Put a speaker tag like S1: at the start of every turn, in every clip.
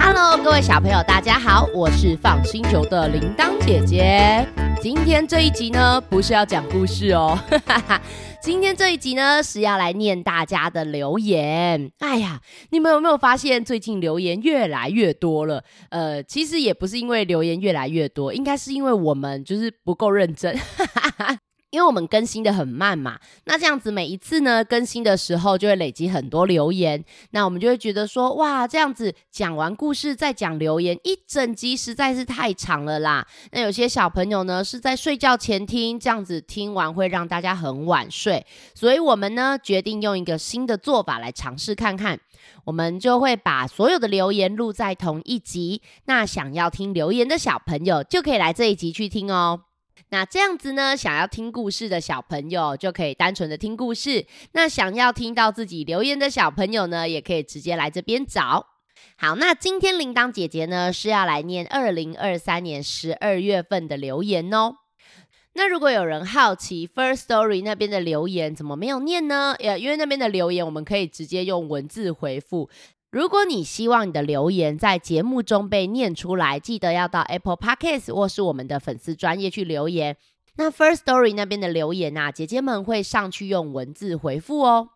S1: 哈囉各位小朋友，大家好，我是 FUN 星球的鈴鐺姐姐。今天這一集呢，不是要講故事哦， 今天這一集呢是要來念大家的留言。哎呀，你們有沒有發現最近留言越來越多了？呃，其實也不是因為留言越來越多，應該是因為我們就是不夠認真。 因為我們更新的很慢嘛，那這樣子每一次呢更新的時候就會累積很多留言，那我們就會覺得說，哇，這樣子講完故事再講留言，一整集實在是太長了啦。那有些小朋友呢是在睡覺前聽，這樣子聽完會讓大家很晚睡，所以我們呢決定用一個新的做法來嘗試看看，我們就會把所有的留言錄在同一集，那想要聽留言的小朋友就可以來這一集去聽哦。那這樣子呢，想要聽故事的小朋友就可以單純的聽故事。那想要聽到自己留言的小朋友呢，也可以直接來這邊找。好，那今天鈴鐺姐姐呢是要來念二零二三年十二月份的留言哦。那如果有人好奇 First Story 那邊的留言怎麼沒有念呢？呃，因為那邊的留言我們可以直接用文字回覆。如果你希望你的留言在節目中被念出來，記得要到 Apple Podcast 或是我們的粉絲專頁去留言。那 First Story 那邊的留言吶、啊，姐姐們會上去用文字回復哦。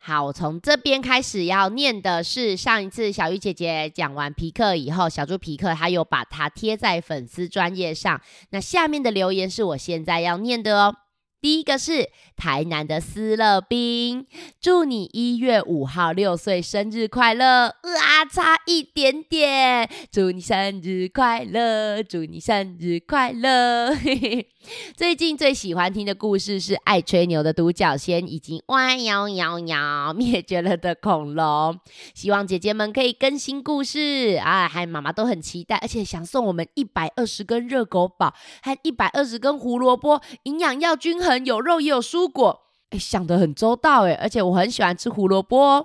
S1: 好，我從這邊開始要念的是上一次小魚姐姐講完皮克以後，小豬皮克他又把它貼在粉絲專頁上。那下面的留言是我現在要念的哦。第一個是台南的思樂冰，祝你一月五號六歲生日快樂！啊，差一點點，祝你生日快樂，祝你生日快樂。 最近最喜歡聽的故事是《愛吹牛的獨角仙》，以及彎腰腰腰滅絕了的恐龍。希望姐姐們可以更新故事啊！還媽媽都很期待，而且想送我們一百二十根熱狗堡，還一百二十根胡蘿蔔，營養要均衡，有肉也有蔬果。哎，想得很周到哎！而且我很喜歡吃胡蘿蔔，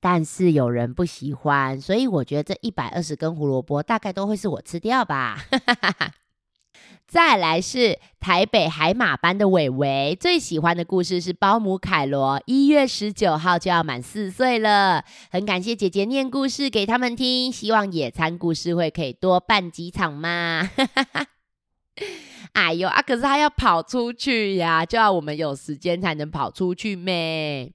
S1: 但是有人不喜歡，所以我覺得這一百二十根胡蘿蔔大概都會是我吃掉吧。 再來是台北海馬班的偉偉，最喜歡的故事是包母凱羅《包姆凱羅》，一月十九號就要滿四歲了，很感謝姐姐念故事給他們聽，希望野餐故事會可以多辦幾場嘛。 哎呦啊，可是他要跑出去呀、啊，就要我們有時間才能跑出去咩。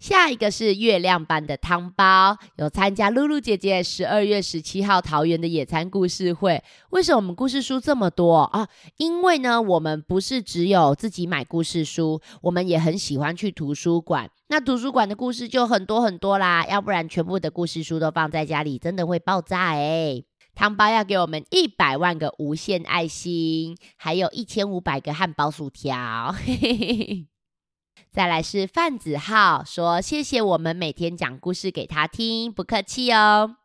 S1: 下一個是月亮班的湯包，有參加露露姐姐十二月十七號桃園的野餐故事會。為什麼我們故事書這麼多啊？因為呢，我們不是只有自己買故事書，我們也很喜歡去圖書館。那圖書館的故事就很多很多啦，要不然全部的故事書都放在家裡，真的會爆炸哎、欸！湯包要給我們一百萬個無限愛心，還有一千五百個漢堡薯條。嘿嘿嘿。再來是范子浩說：“謝謝我們每天講故事給他聽，不客氣哦。”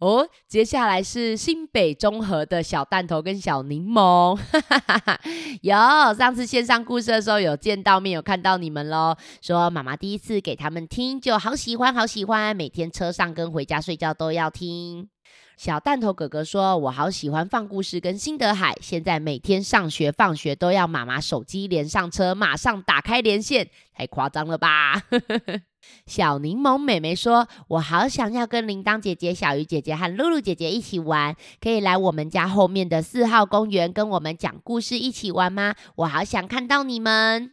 S1: 哦，接下來是新北中和的小彈頭跟小檸檬，哈哈哈哈，有上次線上故事的時候有見到面，有看到你們嘍。說媽媽第一次給他們聽就好喜歡，好喜歡，每天車上跟回家睡覺都要聽。小蛋頭哥哥說：“我好喜歡放故事跟新德海，現在每天上學放學都要媽媽手機連上車，馬上打開連線，太誇張了吧！” 小檸檬妹妹說：“我好想要跟鈴鐺姐姐、小魚姐姐和露露姐姐一起玩，可以來我們家後面的四號公園跟我們講故事一起玩嗎？我好想看到你們。”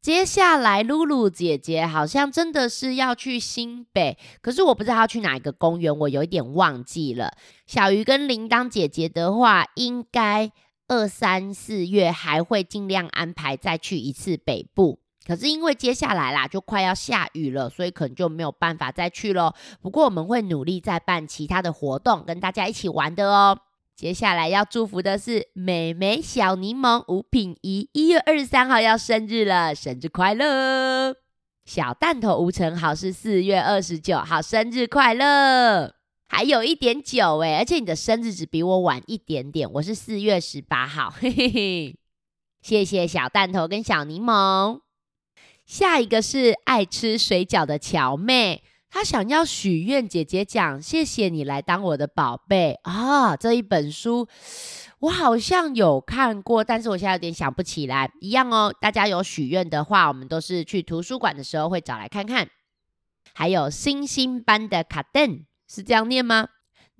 S1: 接下來，露露姐姐好像真的是要去新北，可是我不知道要去哪一個公園，我有一點忘記了。小魚跟鈴鐺姐姐的話，應該二三四月還會盡量安排再去一次北部，可是因為接下來啦，就快要下雨了，所以可能就沒有辦法再去咯。不過我們會努力再辦其他的活動，跟大家一起玩的哦。接下來要祝福的是美美小檸檬吳品怡。一月二十三號要生日了，生日快樂！小蛋頭吳成豪是四月二十九號，生日快樂，還有一點久誒、欸、而且你的生日只比我晚一點點，我是四月十八號，嘿嘿嘿，謝謝小蛋頭跟小檸檬。下一個是愛吃水餃的喬妹。他想要許願，姐姐講：“謝謝你來當我的寶貝啊、哦！”這一本書我好像有看過，但是我現在有點想不起來。一樣哦，大家有許願的話，我們都是去圖書館的時候會找來看看。還有星星般的卡頓，是這樣念嗎？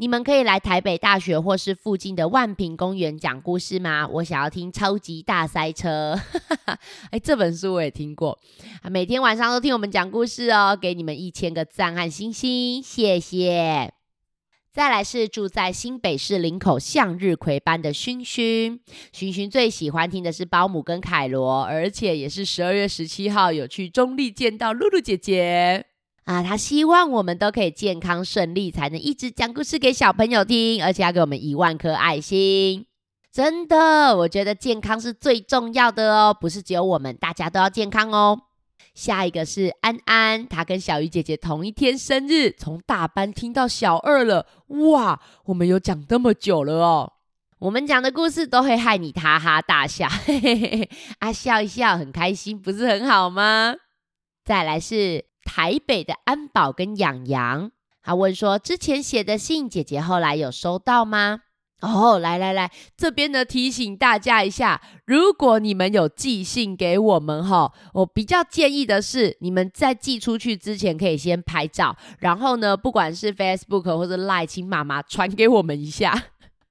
S1: 你們可以來台北大學或是附近的萬平公園講故事嗎？我想要聽《超級大塞車。》 哎，這本書我也聽過。啊，每天晚上都聽我們講故事哦，給你們一千個讚和星星，謝謝。再來是住在新北市林口向日葵班的勳勳。勳勳最喜歡聽的是包姆跟凱羅，而且也是十二月十七號有去中壢見到露露姐姐。啊，他希望我們都可以健康順利，才能一直講故事給小朋友聽，而且要給我們一萬顆愛心。真的，我覺得健康是最重要的哦，不是只有我們，大家都要健康哦。下一個是安安，他跟小魚姐姐同一天生日，從大班聽到小二了。哇，我們有講這麼久了哦，我們講的故事都會害你哈哈大笑，嘿嘿嘿，啊，笑一笑很開心，不是很好嗎？再來是。台北的安保跟養羊，羊，他、啊、問說之前寫的信，姐姐後來有收到嗎？哦，來來來，這邊呢，提醒大家一下，如果你們有寄信給我們吼，我比較建議的是，你們在寄出去之前可以先拍照，然後呢，不管是 Facebook 或是 Line，請媽媽傳給我們一下。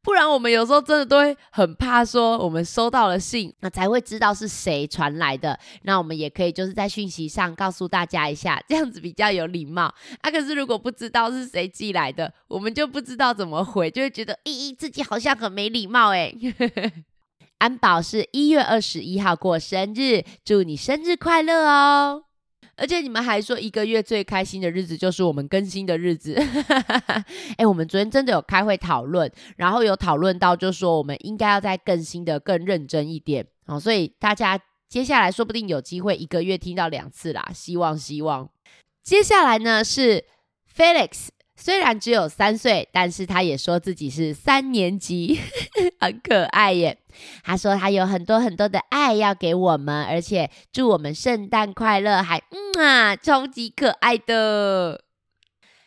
S1: 不然我們有時候真的都會很怕，說我們收到了信，那才會知道是誰傳來的。那我們也可以就是在訊息上告訴大家一下，這樣子比較有禮貌啊。可是如果不知道是誰寄來的，我們就不知道怎麼回，就會覺得咦、欸，自己好像很沒禮貌哎、欸。 安保是一月二十一號過生日，祝你生日快樂哦！而且你們還說一個月最開心的日子就是我們更新的日子，哎、 欸，我們昨天真的有開會討論，然後有討論到，就是說我們應該要再更新的更認真一點哦，所以大家接下來說不定有機會一個月聽到兩次啦，希望希望。接下來呢是 Felix，雖然只有三歲，但是他也說自己是三年級， 很可愛耶。他說他有很多很多的愛要給我們，而且祝我們聖誕快樂，還嗯啊，超級可愛的。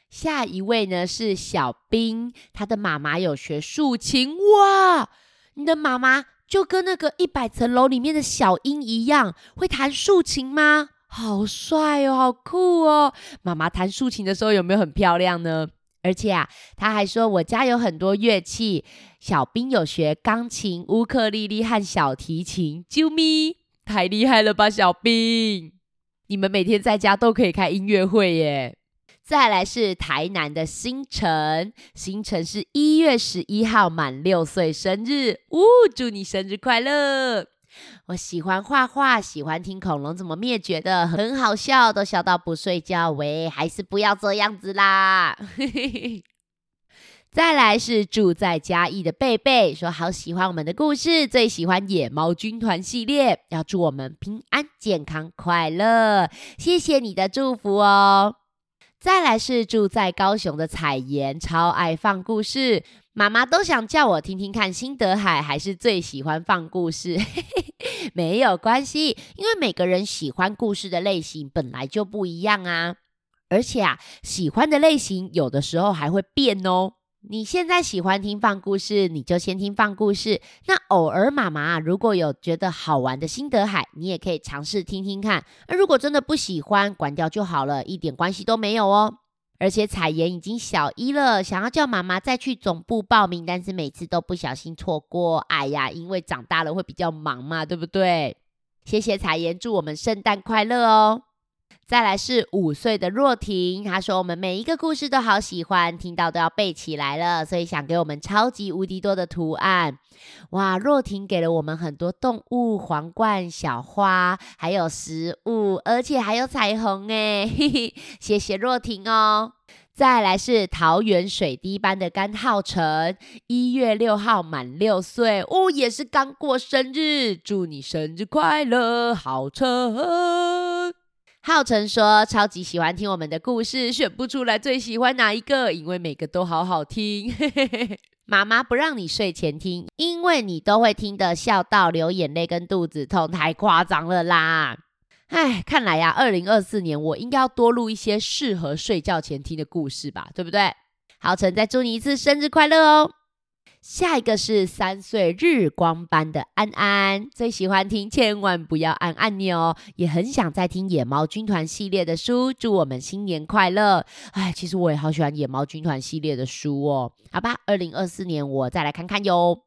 S1: 下一位呢是小兵，他的媽媽有學豎琴哇，你的媽媽就跟那個一百層樓裡面的小英一樣，會彈豎琴嗎？好帥哦，好酷哦！媽媽彈豎琴的時候有沒有很漂亮呢？而且啊，他還說我家有很多樂器，小兵有學鋼琴、烏克麗麗和小提琴，啾咪！太厲害了吧，小兵！你們每天在家都可以開音樂會耶。再來是台南的新城，新城是一月十一號滿六歲生日，嗚，祝你生日快樂！我喜歡畫畫，喜歡聽恐龍怎麼滅絕的，很好笑，都笑到不睡覺。喂，還是不要這樣子啦。 再來是住在嘉義的貝貝，說好喜歡我們的故事，最喜歡野貓軍團系列，要祝我們平安、健康、快樂。謝謝你的祝福哦。再來是住在高雄的彩妍，超愛放故事。媽媽都想叫我聽聽看，新德海還是最喜歡放故事嘿嘿。沒有關係，因為每個人喜歡故事的類型本來就不一樣啊。而且啊，喜歡的類型有的時候還會變哦。你現在喜歡聽放故事，你就先聽放故事。那偶爾媽媽啊，如果有覺得好玩的新德海，你也可以嘗試聽聽看。那如果真的不喜歡，關掉就好了，一點關係都沒有哦。而且彩妍已經小一了，想要叫媽媽再去總部報名，但是每次都不小心錯過。哎呀，因為長大了會比較忙嘛，對不對？謝謝彩妍，祝我們聖誕快樂哦！再來是五歲的若婷，她說：“我們每一個故事都好喜歡，聽到都要背起來了，所以想給我們超級無敵多的圖案。”哇，若婷給了我們很多動物、皇冠、小花，還有食物，而且還有彩虹欸，嘿嘿，謝謝若婷哦。再來是桃園水滴班的甘浩成，一月六號滿六歲，哦，也是剛過生日，祝你生日快樂，浩成。浩辰說：“超級喜歡聽我們的故事，選不出來最喜歡哪一個，因為每個都好好聽。嘿嘿嘿。媽媽不讓你睡前聽，因為你都會聽得笑到流眼淚跟肚子痛，太誇張了啦！哎，看來呀，二零二四年我應該要多錄一些適合睡覺前聽的故事吧，對不對？”浩辰，再祝你一次生日快樂哦！下一個是三歲日光班的安安，最喜歡聽，千萬不要按按鈕哦，也很想再聽《野貓軍團》系列的書。祝我們新年快樂！哎，其實我也好喜歡《野貓軍團》系列的書哦。好吧，二零二四年我再來看看喲。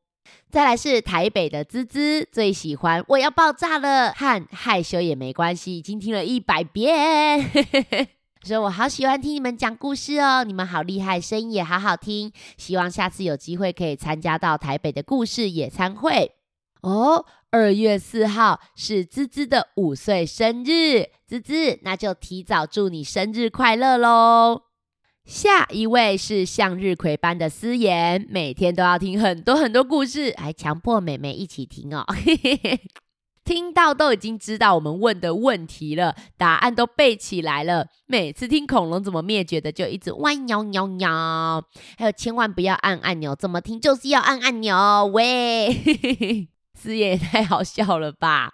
S1: 再來是台北的滋滋，最喜歡我要爆炸了，和害羞也沒關係，已經聽了一百遍。 所以我好喜歡聽你們講故事哦，你們好厲害，聲音也好好聽。希望下次有機會可以參加到台北的故事野餐會哦。二月四號是滋滋的五歲生日，滋滋，那就提早祝你生日快樂嘍。下一位是向日葵班的思妍，每天都要聽很多很多故事，還強迫妹妹一起聽哦。嘿嘿嘿。聽到都已經知道我們問的問題了，答案都背起來了。每次聽恐龍怎麼滅絕的，就一直哇喵喵喵。還有千萬不要按按鈕，怎麼聽就是要按按鈕喂。嘿 這也太好笑了吧？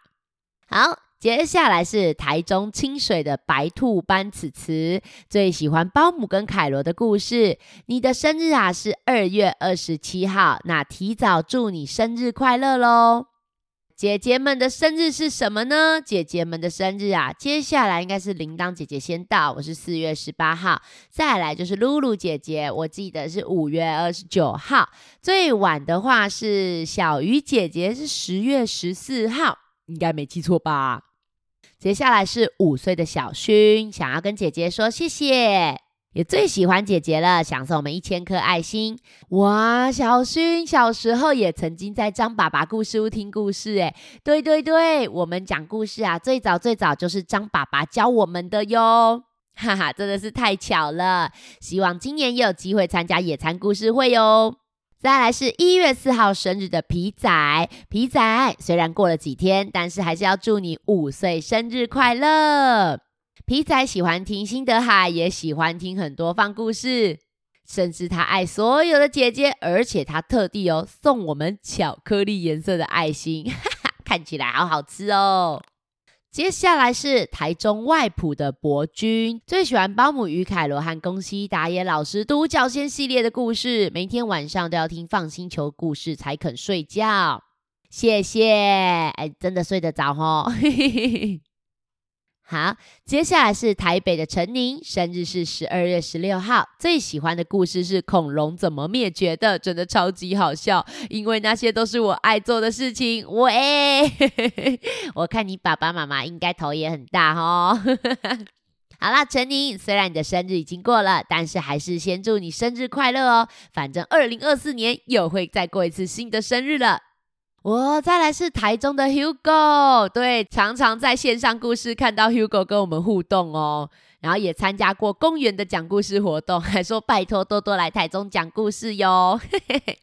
S1: 好，接下來是台中清水的白兔班此慈，最喜歡包姆跟凱羅的故事。你的生日啊是二月二十七號，那提早祝你生日快樂嘍。姐姐們的生日是什麼呢？姐姐們的生日啊，接下來應該是鈴鐺姐姐先到，我是四月十八號，再來就是露露姐姐，我記得是五月二十九號，最晚的話是小魚姐姐是十月十四號，應該沒記錯吧？接下來是五歲的小薰，想要跟姐姐說謝謝。也最喜歡姐姐了，想送我們一千顆愛心哇！小薰小時候也曾經在張爸爸故事屋聽故事，哎，對對對，我們講故事啊，最早最早就是張爸爸教我們的喲，哈哈，真的是太巧了！希望今年也有機會參加野餐故事會喲。再來是一月四號生日的皮仔，皮仔雖然過了幾天，但是還是要祝你五歲生日快樂。皮仔喜歡聽辛德海，也喜歡聽很多方故事，甚至他愛所有的姐姐，而且他特地哦送我們巧克力顏色的愛心哈哈，看起來好好吃哦。接下來是台中外埔的博君，最喜歡包姆與凱羅和宮西達也老師獨角仙系列的故事，每天晚上都要聽放星球故事才肯睡覺。謝謝，哎，真的睡得着嘿、哦 好，接下來是台北的陳寧，生日是十二月十六號，最喜歡的故事是恐龍怎麼滅絕的，真的超級好笑，因為那些都是我愛做的事情。喂， 我看你爸爸媽媽應該頭也很大齁？ 好啦，陳寧，雖然你的生日已經過了，但是還是先祝你生日快樂哦，反正二零二四年又會再過一次新的生日了。我、哦、再來是台中的 Hugo，對，常常在線上故事看到 Hugo 跟我們互動哦，然後也參加過公園的講故事活動，還說拜託多多來台中講故事喲。嘿嘿嘿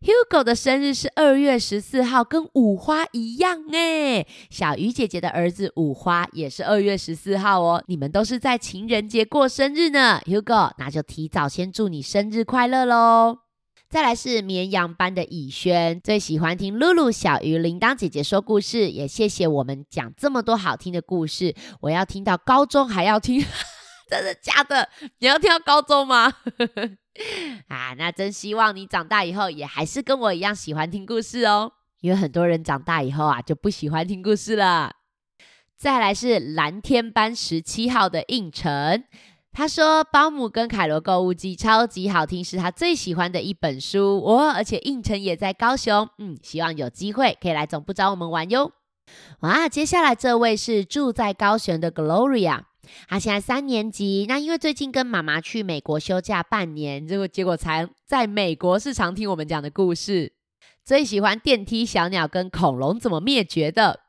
S1: Hugo 的生日是二月十四號，跟五花一樣哎，小魚姐姐的兒子五花也是二月十四號哦，你們都是在情人節過生日呢，Hugo，那就提早先祝你生日快樂嘍。再來是綿羊班的以軒，最喜歡聽露露、小魚、鈴鐺姐姐說故事，也謝謝我們講這麼多好聽的故事。我要聽到高中還要聽，真 的假的？你要跳高中嗎？ 啊，那真希望你長大以後也還是跟我一樣喜歡聽故事哦，因為很多人長大以後啊就不喜歡聽故事了。再來是藍天班十七號的應晨。他說：“保姆跟凱羅購物記超級好聽，是他最喜歡的一本書哦。而且應城也在高雄，嗯，希望有機會可以來總部找我們玩喲。”哇，接下來這位是住在高雄的 Gloria，他、啊、現在三年級。那因為最近跟媽媽去美國休假半年，結果結果才，在美國是常聽我們講的故事，最喜歡電梯小鳥跟恐龍怎麼滅絕的。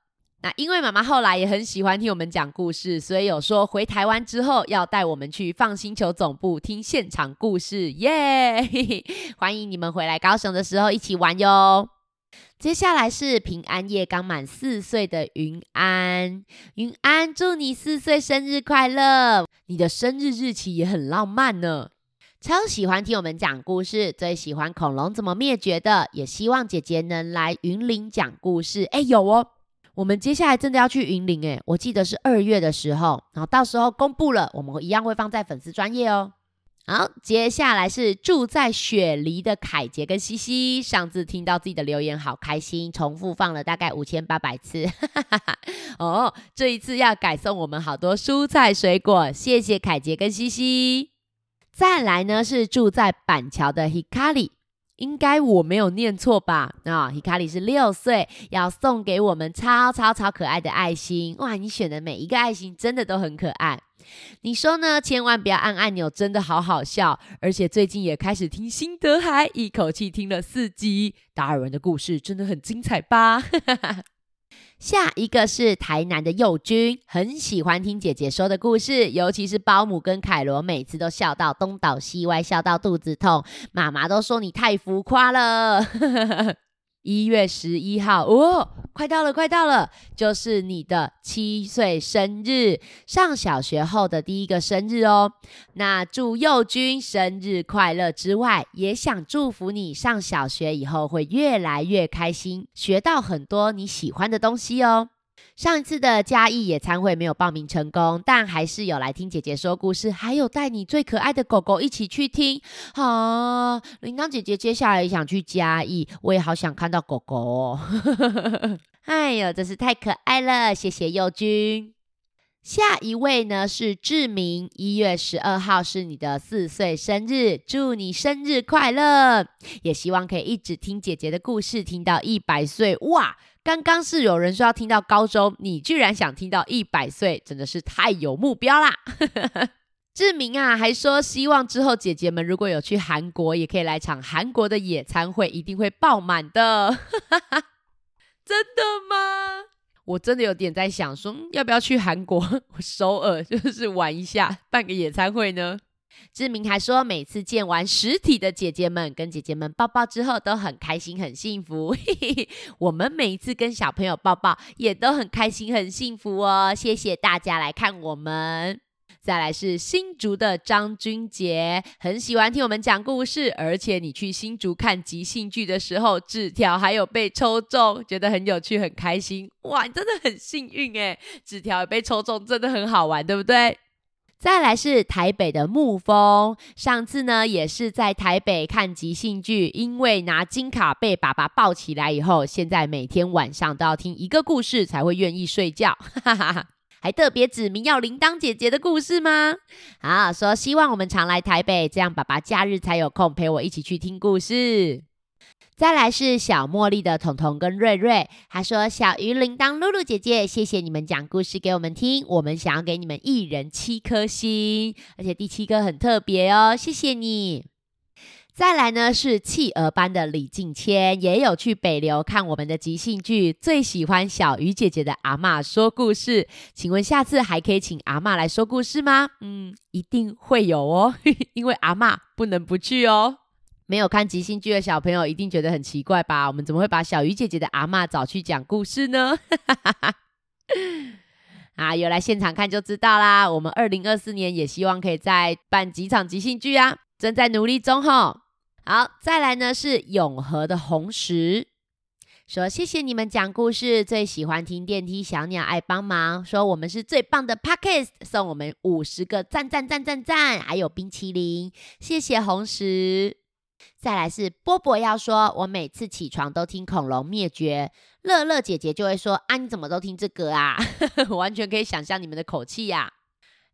S1: 那因為媽媽後來也很喜歡聽我們講故事，所以有說回台灣之後要帶我們去 FUN 星球總部聽現場故事，耶、yeah! 歡迎你們回來高雄的時候一起玩喲。接下來是平安夜剛滿四歲的雲安，雲安祝你四歲生日快樂！你的生日日期也很浪漫呢，超喜歡聽我們講故事，最喜歡恐龍怎麼滅絕的，也希望姐姐能來雲林講故事。哎，有哦。我們接下來真的要去雲林耶，我記得是二月的時候，然後到時候公布了，我們一樣會放在粉絲專頁哦。好，接下來是住在雪梨的凱傑跟西西，上次聽到自己的留言好開心，重複放了大概五千八百次哈哈哈哈，哦，這一次要改送我們好多蔬菜水果，謝謝凱傑跟西西。再來呢是住在板橋的 Hikari。應該我沒有念錯吧？那伊卡里是六歲，要送給我們超超超可愛的愛心。哇，你選的每一個愛心真的都很可愛。你說呢？千萬不要按按鈕，真的好好笑。而且最近也開始聽心德海，一口氣聽了四集達爾文的故事，真的很精彩吧？哈哈哈。下一個是台南的幼君，很喜歡聽姐姐說的故事，尤其是包姆跟凱羅，每次都笑到東倒西歪，笑到肚子痛，媽媽都說你太浮誇了。 一月十一號哦，快到了，快到了，就是你的七歲生日，上小學後的第一個生日哦。那祝佑君生日快樂之外，也想祝福你上小學以後會越來越開心，學到很多你喜歡的東西哦。上一次的嘉義野餐會沒有報名成功，但還是有來聽姐姐說故事，還有帶你最可愛的狗狗一起去聽。好、啊，鈴鐺姐姐接下來也想去嘉義，我也好想看到狗狗哦。 哎呦，真是太可愛了，謝謝幼君。下一位呢，是志明，一月十二號是你的四歲生日，祝你生日快樂！也希望可以一直聽姐姐的故事，聽到一百歲。哇，剛剛是有人說要聽到高中，你居然想聽到一百歲，真的是太有目標啦！ 志明啊，還說希望之後姐姐們如果有去韓國，也可以來場韓國的野餐會，一定會爆滿的。 真的嗎？我真的有點在想說，說要不要去韓國我首爾，就是玩一下，辦個野餐會呢？志明還說，每次見完實體的姐姐們，跟姐姐們抱抱之後，都很開心，很幸福。 我們每一次跟小朋友抱抱，也都很開心，很幸福哦。謝謝大家來看我們。再來是新竹的張君杰，很喜歡聽我們講故事，而且你去新竹看即興劇的時候，紙條還有被抽中，覺得很有趣很開心，哇，你真的很幸運誒！紙條被抽中真的很好玩，對不對？再來是台北的沐風，上次呢也是在台北看即興劇，因為拿金卡被爸爸抱起來以後，現在每天晚上都要聽一個故事才會願意睡覺，哈哈哈哈。還特別指名要鈴鐺姐姐的故事嗎？好，說希望我們常來台北，這樣爸爸假日才有空陪我一起去聽故事。再來是小茉莉的彤彤跟瑞瑞，她說小魚鈴鐺露露姐姐，謝謝你們講故事給我們聽，我們想要給你們一人七顆星，而且第七顆很特別哦，謝謝你。再來呢是企鵝班的李靜謙，也有去北流看我們的即興劇，最喜歡小魚姐姐的阿嬤說故事。請問下次還可以請阿嬤來說故事嗎？嗯，一定會有哦，因為阿嬤不能不去哦。沒有看即興劇的小朋友一定覺得很奇怪吧？我們怎麼會把小魚姐姐的阿嬤找去講故事呢？ 啊，有來現場看就知道啦。我們二零二四年也希望可以再辦幾場即興劇啊，正在努力中吼。好，再來呢是永和的紅石，說謝謝你們講故事，最喜歡聽電梯小鳥愛幫忙，說我們是最棒的 podcast，送我們五十個讚讚讚讚讚，還有冰淇淋，謝謝紅石。再來是波波要說，我每次起床都聽恐龍滅絕，樂樂姐姐就會說啊，你怎麼都聽這個啊？ 我完全可以想象你們的口氣呀、啊。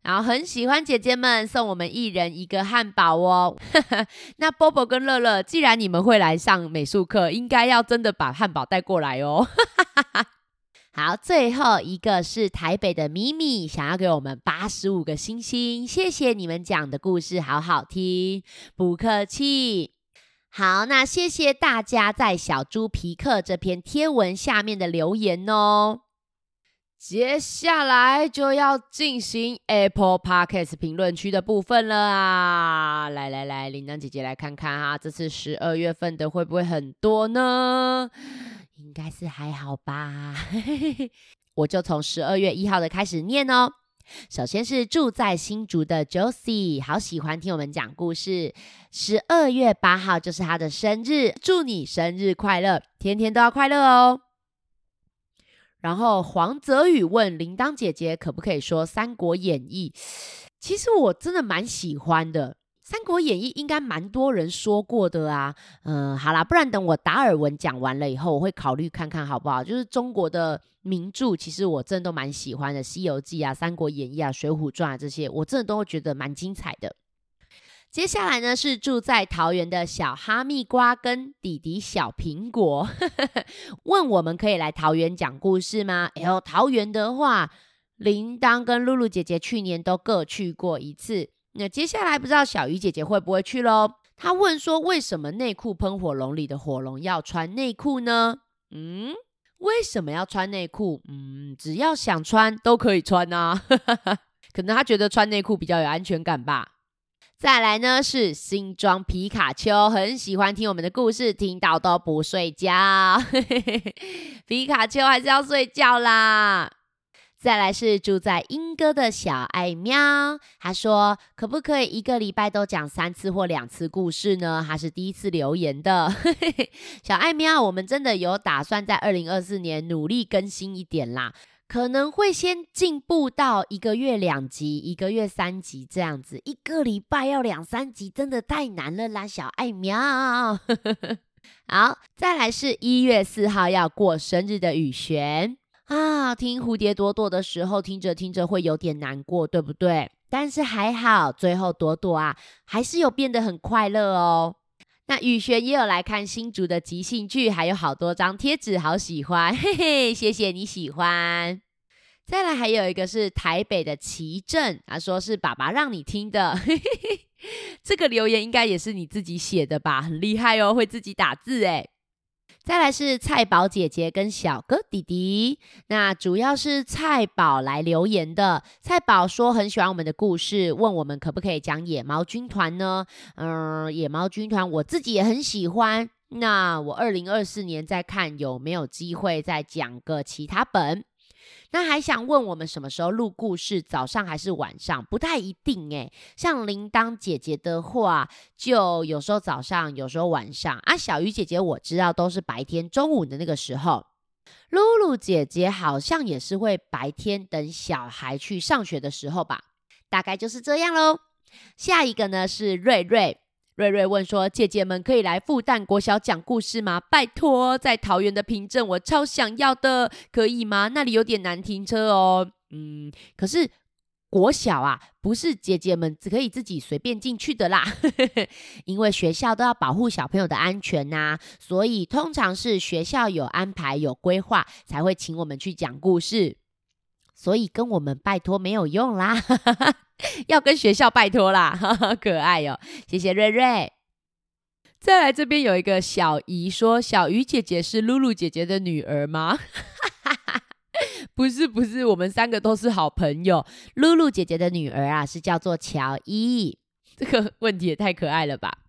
S1: 然後很喜歡姐姐們送我們一人一個漢堡哦。 那波波跟樂樂，既然你們會來上美術課，應該要真的把漢堡帶過來哦。 好，最後一個是台北的咪咪，想要給我們八十五個星星。謝謝你們講的故事，好好聽。不客氣。好，那謝謝大家在小豬皮克這篇貼文下面的留言哦。接下來就要進行 Apple Podcast 評論區的部分了啊！來來來，鈴鐺姐姐來看看哈、啊，這次十二月份的會不會很多呢？應該是還好吧。 我就從十二月一號的開始念哦。首先是住在新竹的 Josie，好喜歡聽我們講故事。十二月八號就是他的生日，祝你生日快樂，天天都要快樂哦。然後黃澤宇問鈴鐺姐姐，可不可以說《三國演義》？其實我真的蠻喜歡的，《三國演義》應該蠻多人說過的啊。嗯，好啦，不然等我達爾文講完了以後，我會考慮看看好不好？就是中國的名著，其實我真的都蠻喜歡的，《西遊記》啊，《三國演義》啊，《水滸傳》啊，這些我真的都會覺得蠻精彩的。接下來呢是住在桃園的小哈密瓜跟弟弟小蘋果， 問我們可以來桃園講故事嗎？哎呦，桃園的話，鈴鐺跟露露姐姐去年都各去過一次。那接下來不知道小魚姐姐會不會去嘍？她問說，為什麼內褲噴火龍裡的火龍要穿內褲呢？嗯，為什麼要穿內褲？嗯，只要想穿都可以穿啊。 可能她覺得穿內褲比較有安全感吧。再來呢是新莊皮卡丘，很喜歡聽我們的故事，聽到都不睡覺。 皮卡丘還是要睡覺啦。再來是住在鶯歌的小愛喵，他說可不可以一個禮拜都講三次或兩次故事呢？他是第一次留言的， 小愛喵，我們真的有打算在二零二四年努力更新一點啦。可能會先進步到一個月兩集，一個月三集這樣子，一個禮拜要兩三集，真的太難了啦，小艾喵。 好，再來是一月四號要過生日的雨璇啊，聽蝴蝶朵朵的時候，聽着聽着會有點難過，對不對？但是還好，最後朵朵啊，還是有變得很快樂哦。那雨璇也有來看新竹的即興劇，還有好多張貼紙，好喜歡，嘿嘿，謝謝你喜歡。再來還有一個是台北的奇正，他說是爸爸讓你聽的，嘿嘿嘿，這個留言應該也是你自己寫的吧，很厲害哦，會自己打字哎。再來是蔡寶姐姐跟小哥弟弟，那主要是蔡寶來留言的。蔡寶說很喜歡我們的故事，問我們可不可以講野貓軍團呢？嗯、呃，野貓軍團我自己也很喜歡。那我二零二四年再看有沒有機會再講個其他本。那還想問我們什麼時候錄故事？早上還是晚上？不太一定欸，像鈴鐺姐姐的話，就有時候早上，有時候晚上啊。小魚姐姐我知道都是白天中午的那個時候。露露姐姐好像也是會白天等小孩去上學的時候吧，大概就是這樣嘍。下一個呢是瑞瑞。瑞瑞問說：“姐姐們可以來復旦國小講故事嗎？拜托，在桃園的平鎮我超想要的，可以嗎？那裡有點難停車哦。嗯，可是國小啊，不是姐姐們只可以自己隨便進去的啦， 因為學校都要保護小朋友的安全吶、啊，所以通常是學校有安排、有規劃，才會請我們去講故事。”所以跟我們拜託沒有用啦，哈哈哈，要跟學校拜託啦，哈哈，可愛喲、喔，謝謝瑞瑞。再來這邊有一個小姨說，小魚姐姐是露露姐姐的女兒嗎？哈哈哈，不是不是，我們三個都是好朋友。露露姐姐的女兒啊，是叫做喬伊。這個問題也太可愛了吧。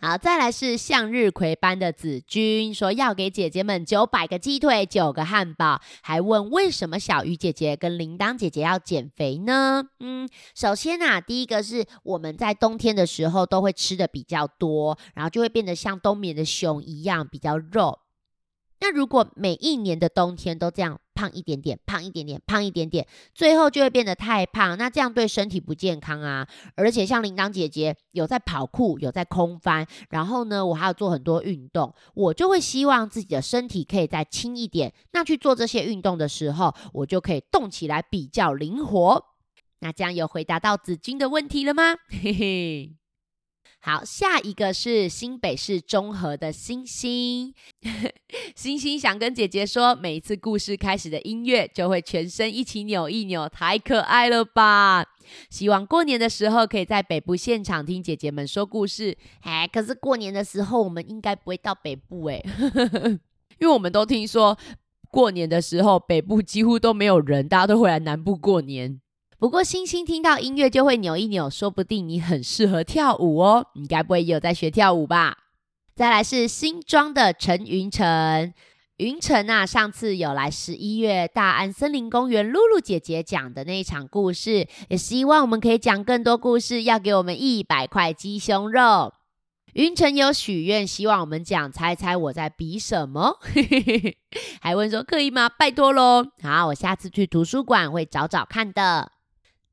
S1: 好，再來是向日葵班的子君說要給姐姐們九百個雞腿、九個漢堡，還問為什麼小魚姐姐跟鈴鐺姐姐要減肥呢？嗯，首先吶、啊，第一個是我們在冬天的時候都會吃得比較多，然後就會變得像冬眠的熊一樣比較肉。那如果每一年的冬天都這樣。胖一點點，胖一點點，胖一點點，最後就會變得太胖。那這樣對身體不健康啊！而且像鈴鐺姐姐有在跑酷，有在空翻，然後呢，我還有做很多運動，我就會希望自己的身體可以再輕一點。那去做這些運動的時候，我就可以動起來比較靈活。那這樣有回答到紫君的問題了嗎？嘿嘿。好，下一個是新北市中和的星星， 星星想跟姐姐說，每一次故事開始的音樂，就會全身一起扭一扭，太可愛了吧！希望過年的時候，可以在北部現場聽姐姐們說故事。哎，可是過年的時候，我們應該不會到北部哎、欸， 因為我們都聽說，過年的時候北部幾乎都沒有人，大家都會來南部過年。不過星星聽到音樂就會扭一扭，說不定你很適合跳舞哦。你該不會也有在學跳舞吧？再來是新莊的陳雲城，雲城啊，上次有來十一月大安森林公園，露露姐姐講的那一場故事，也希望我們可以講更多故事。要給我們一百塊雞胸肉，雲城有許願，希望我們講猜猜我在比什麼， 還問說可以嗎？拜託嘍。好，我下次去圖書館會找找看的。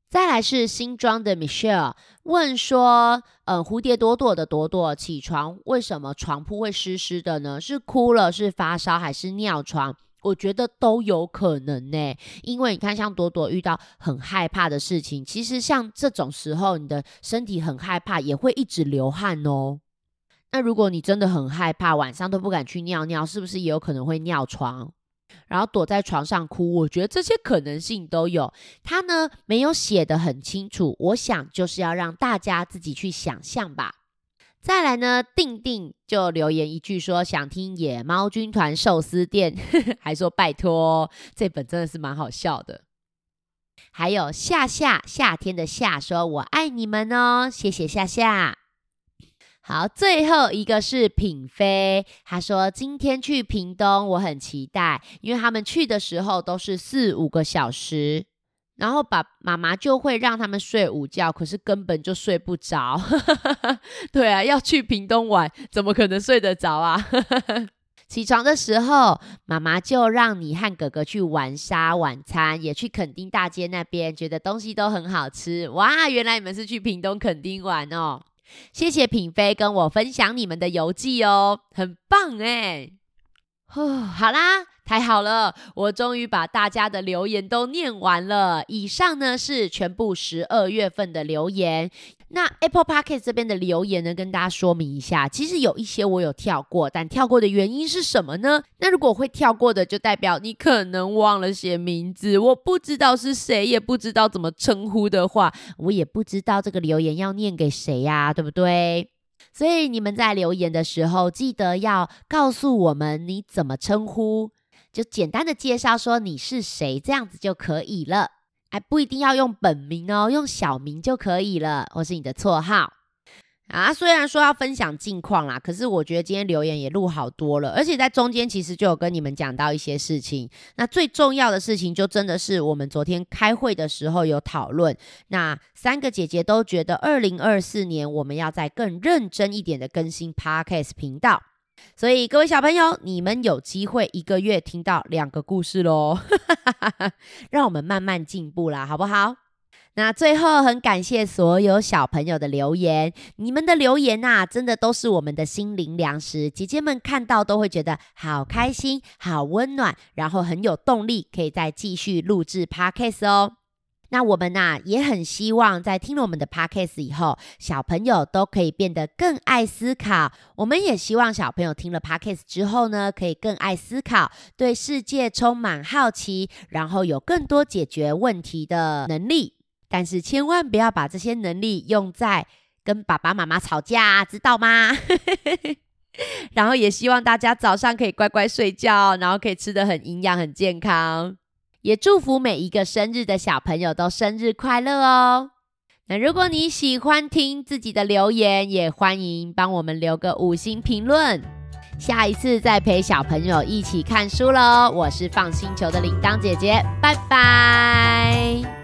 S1: 再來是新莊的 Michelle 問說，嗯，蝴蝶朵朵的朵朵起床為什麼床鋪會濕濕的呢？是哭了，是發燒，還是尿床？我覺得都有可能呢。因為你看，像朵朵遇到很害怕的事情，其實像這種時候，你的身體很害怕，也會一直流汗哦。那如果你真的很害怕，晚上都不敢去尿尿，是不是也有可能會尿床？然後躲在床上哭，我覺得這些可能性都有。他呢，沒有寫得很清楚，我想就是要讓大家自己去想象吧再來呢，定定就留言一句說想聽《野貓軍團壽司店》呵呵，還說拜托哦，這本真的是蠻好笑的。還有夏夏夏天的夏說：“我愛你們哦，謝謝夏夏。”好，最後一個是品妃，她說今天去屏東，我很期待，因為他們去的時候都是四五個小時，然後爸爸媽媽就會讓他們睡午覺，可是根本就睡不着。 對啊，要去屏東玩，怎麼可能睡得着啊？ 起床的時候，媽媽就讓你和哥哥去玩沙，晚餐也去墾丁大街那邊，覺得東西都很好吃。哇，原來你們是去屏東墾丁玩哦。謝謝品飛跟我分享你們的遊記哦，很棒哎！哦，好啦，太好了，我終於把大家的留言都念完了。以上呢，是全部十二月份的留言。那 Apple Podcast 這邊的留言呢，跟大家說明一下，其實有一些我有跳過，但跳過的原因是什麼呢？那如果會跳過的，就代表你可能忘了寫名字，我不知道是誰，也不知道怎麼稱呼的話，我也不知道這個留言要念給誰呀、啊，對不對？所以你們在留言的時候，記得要告訴我們你怎麼稱呼，就簡單的介紹說你是誰，這樣子就可以了。還、哎、不一定要用本名哦，用小名就可以了，或是你的綽號啊。雖然說要分享近況啦，可是我覺得今天留言也錄好多了，而且在中間其實就有跟你們講到一些事情。那最重要的事情，就真的是我們昨天開會的時候有討論，那三個姐姐都覺得，二零二四年我們要再更認真一點的更新 podcast 頻道。所以各位小朋友，你們有機會一個月聽到兩個故事嘍， 讓我們慢慢進步啦，好不好？那最後很感謝所有小朋友的留言，你們的留言吶、啊，真的都是我們的心靈糧食，姐姐們看到都會覺得好開心、好溫暖，然後很有動力，可以再繼續錄製 Podcast 哦。那我們呢、啊、也很希望，在聽了我們的 podcast 以後，小朋友都可以變得更愛思考。我們也希望小朋友聽了 podcast 之後呢，可以更愛思考，對世界充滿好奇，然後有更多解決問題的能力。但是千萬不要把這些能力用在跟爸爸媽媽吵架，知道嗎？ 然後也希望大家早上可以乖乖睡覺，然後可以吃得很營養、很健康。也祝福每一個生日的小朋友都生日快樂哦！那如果你喜歡聽自己的留言，也歡迎幫我們留個五星評論。下一次再陪小朋友一起看書嘍！我是 FUN 星球的鈴鐺姐姐，拜拜。